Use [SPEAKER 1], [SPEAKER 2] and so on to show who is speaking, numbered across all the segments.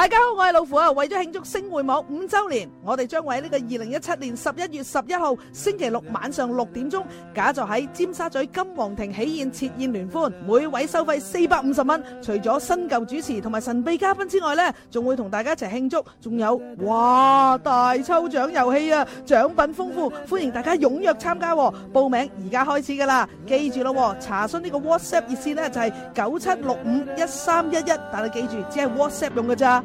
[SPEAKER 1] 大家好，我係老虎啊！為咗慶祝星匯網五周年，我哋將會喺呢個二零一七年十一月十一號星期六晚上六點鐘，假就喺尖沙咀金皇庭喜宴設宴聯歡，每位收費四百五十蚊。除咗新舊主持同埋神秘嘉賓之外咧，仲會同大家一齊慶祝，仲有哇大抽獎遊戲啊，獎品豐富，歡迎大家踊躍參加。報名而家開始噶啦，記住咯，查詢呢個 WhatsApp 熱線咧就係九七六五一三一一，但係記住只係 WhatsApp 用噶咋。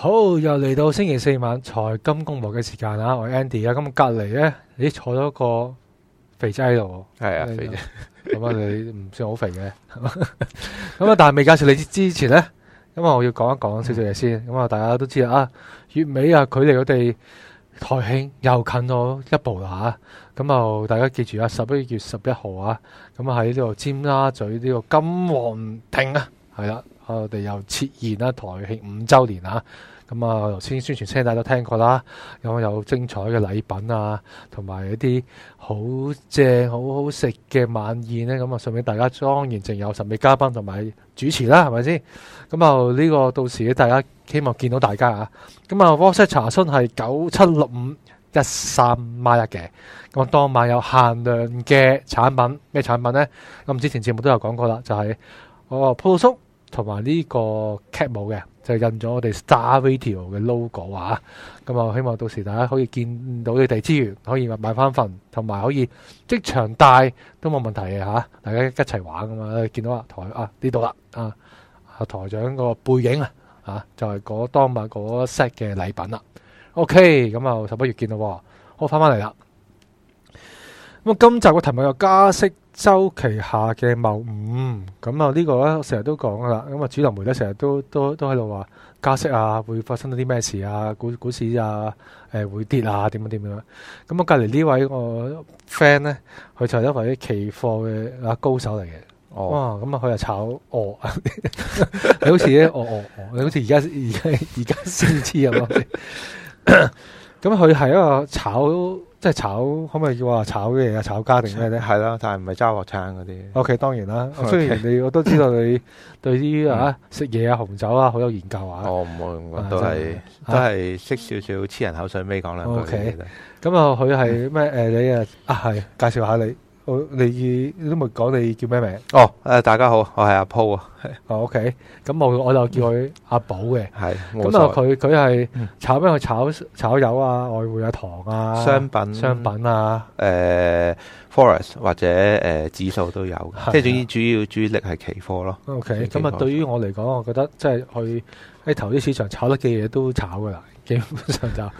[SPEAKER 2] 好，又嚟到星期四晚財金工房嘅時間啊！我是 Andy 啊，咁隔籬咧，你坐咗個肥仔喺度，係啊，肥仔， 咁啊你唔算好肥嘅，咁啊但係未介紹你之前咧，咁啊我要講一講少少嘢先，咁啊大家都知啦，啊，月尾啊，距離我哋台慶又近咗一步啦吓，咁啊大家記住啊，十一月十一號啊，咁啊喺呢度尖沙咀呢個金皇亭啊，係啦。 我哋又設宴啦，台慶五周年啊，咁啊，頭先宣傳車大家都聽過啦。咁有，有精彩嘅禮品啊，同埋一啲好正好好食嘅晚宴咧。咁啊，順便大家裝然仲有神秘嘉賓同埋主持啦，係咪先？咁啊，是是呢個到時大家希望見到大家啊。咁啊，WhatsApp 查詢係九七六五一三孖一嘅。咁當晚有限量嘅產品，咩產品咧？咁之前節目都有講過啦，就係哦，鋪叔，同埋呢個 cap 嘅就印咗我哋 Star Video 嘅 logo 啊，咁、嗯、啊希望到時大家可以見到你哋之餘，可以買翻份，同埋可以即場帶都冇問題嘅、啊、大家一齊玩噶嘛、啊，見到台啊台啊呢度啦啊台長個背影啊嚇，就係、是、嗰當晚嗰 set 嘅禮品啦。OK，咁啊十一月見喎，我翻翻嚟啦。咁今集個題目有加息周期下嘅謬誤，咁啊呢個咧，成日都講噶啦。咁啊，主流媒咧成日都都都喺度話加息啊，會發生咗啲咩事啊？股股市啊，誒、呃，會跌啊？點樣點樣？咁、嗯、啊，隔籬呢位我 friend 咧，佢就係一位期貨嘅啊高手嚟嘅。哦、oh. 嗯，咁、嗯、啊，佢又炒鵝，oh. 你好似咧，鵝、oh, 鵝、oh, oh. 你好似而家而家而家先知啊， 咁佢係一個炒，即係炒，可唔可以話炒嘅嘢啊？炒家定咩咧？係啦，但係唔係揸鑊鏟嗰啲。O、okay, K，當然啦。Okay. 雖然你我都知道你對啲啊、嗯、食嘢啊、紅酒啊好有研究啊。我唔會，會、啊、都係、就是啊、都係識少少黐人口水尾講兩句。O K，咁啊，佢係咩？你啊，啊，係介紹下你。你都未講你叫咩名？哦、oh,
[SPEAKER 1] 呃，大家好，我係阿鋪
[SPEAKER 2] 啊。哦，OK，咁我我就叫佢阿寶嘅。咁、嗯、啊，佢佢係炒咩？去、嗯、炒炒油啊，外匯啊，糖啊，商品、商品啊、
[SPEAKER 1] 呃、forest 或者、呃、指數都有嘅。即係總之主要主力係期貨咯。OK，咁啊，對
[SPEAKER 2] 於我嚟講，我覺得即係去喺投資市場炒得嘅嘢都炒㗎啦。基本上就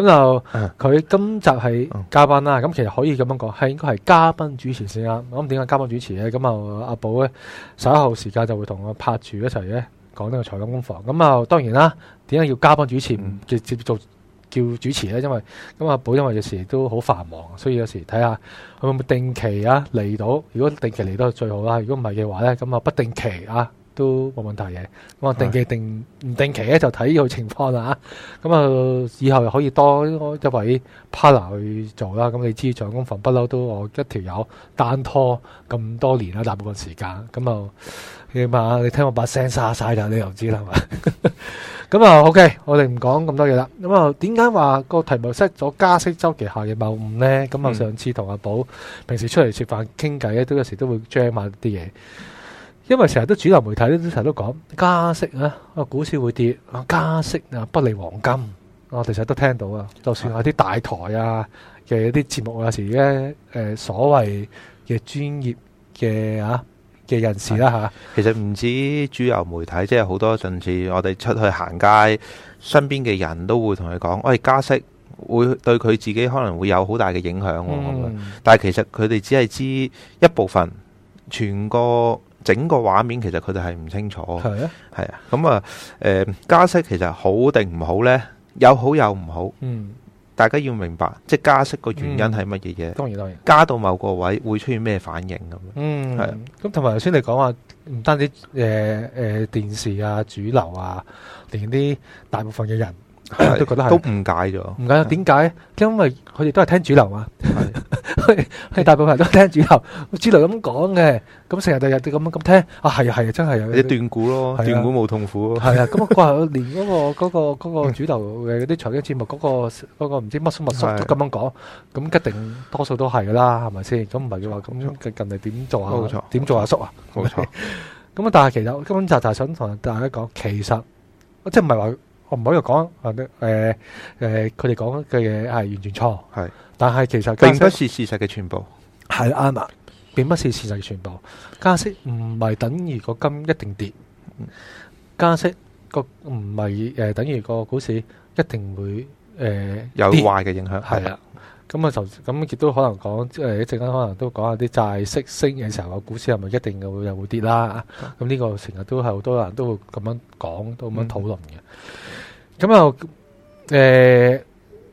[SPEAKER 2] 咁就佢今集係嘉賓啦，咁其實可以咁樣講，係應該係嘉賓主持先啦。咁點解嘉賓主持咧？咁啊，阿寶咧稍後時間就會同我拍住一齊咧講呢個財金工房。咁啊，就當然啦，點解要叫嘉賓主持唔直接做叫主持咧？因為咁阿寶因為有時都好繁忙，所以有時睇下佢會唔會定期啊嚟到。如果定期嚟到最好啦。如果唔係嘅話咧，咁啊不定期啊。都冇問題嘅，我定期定唔定期咧就睇呢個情況啦嚇。咁啊，以後又可以多一位 partner 去做啦。咁你知，財金工房不嬲都我一條友單拖咁多年啦，大部分時間咁啊，起碼你聽我把聲沙曬就你又知啦嘛。咁啊，OK，我哋唔講咁多嘢啦。咁啊，點解話個題目失咗加息週期下嘅謬誤咧？咁啊，上次同阿寶平時出嚟食飯傾偈咧，都有時都會 jam 下啲嘢。因為成日都主流媒體都成日都講加息啊，股市會跌，加息啊不利黃金，我哋成日都聽到啊。就算有啲大台啊嘅一啲節目，有時咧誒、呃、所謂嘅專業嘅啊嘅人士啦吓、
[SPEAKER 1] 啊，其實唔止主流媒體，即係好多甚至我哋出去行街，身邊嘅人都會同佢講，喂、哎、加息會對佢自己可能會有好大嘅影響。嗯、我覺得、但係其實佢哋只係知一部分，全個。整個畫面其實佢哋係唔清楚的的，係啊，係啊，咁啊，誒加息其實好定唔好呢？有好有唔好，嗯，大家要明白，即加息個原因係乜嘢嘢？當然當然，加到某個位會出現咩反應咁？
[SPEAKER 2] 嗯，係啊。咁同埋頭先你講話唔單止誒誒電視啊、主流啊，連啲大部分嘅人。都覺得都誤解咗，誤解咗。點解？因為佢哋都係聽主流嘛，係係大部分都聽主流，主流咁講嘅，咁成日日日咁咁聽啊，係啊係啊，真係啊啲斷估咯，斷估冇痛苦咯，係啊。咁啊過後連嗰個嗰個嗰個主流嘅嗰啲財經節目嗰個嗰個唔知乜叔乜叔都咁樣講，咁一定多數都係㗎啦，係咪先？咁唔係嘅話，咁近嚟點做啊？冇錯，點做阿叔啊？冇錯。咁啊，但係其實今集就係想同大家講，其實即係唔係話。我唔可以講，誒誒，佢哋講嘅嘢係完全錯。係，但係其實並不是
[SPEAKER 1] 事實嘅全部，
[SPEAKER 2] 係啱啦。並不是事實嘅全部。加息唔係等於個金一定跌，加息個唔係誒等於個股市一定會誒有壞嘅影響。係啦，咁啊就咁亦都可能講，即係一陣間可能都講下啲債息升嘅時候，個股市係咪一定會又會跌啦？咁呢個成日都係好多人都會咁樣講，都咁樣討論嘅。咁又誒，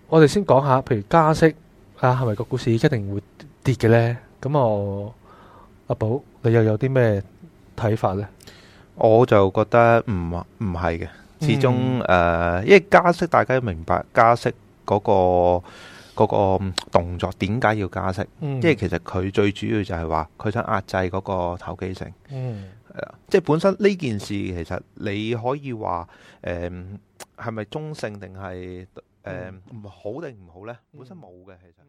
[SPEAKER 2] 我哋先講下，譬如加息啊，係咪個股市一定會跌嘅呢？咁我阿寶、啊，你又有啲咩睇法呢？
[SPEAKER 1] 我就覺得唔唔係嘅，始終誒、嗯呃，因為加息大家明白，加息嗰、嗰個嗰、嗰個動作點解要加息？即、嗯、係其實佢最主要就係話，佢想壓制嗰個投機性。嗯、呃，係即係本身呢件事，其實你可以話誒。呃係咪中性定係誒唔好定唔好咧？本身冇嘅其實。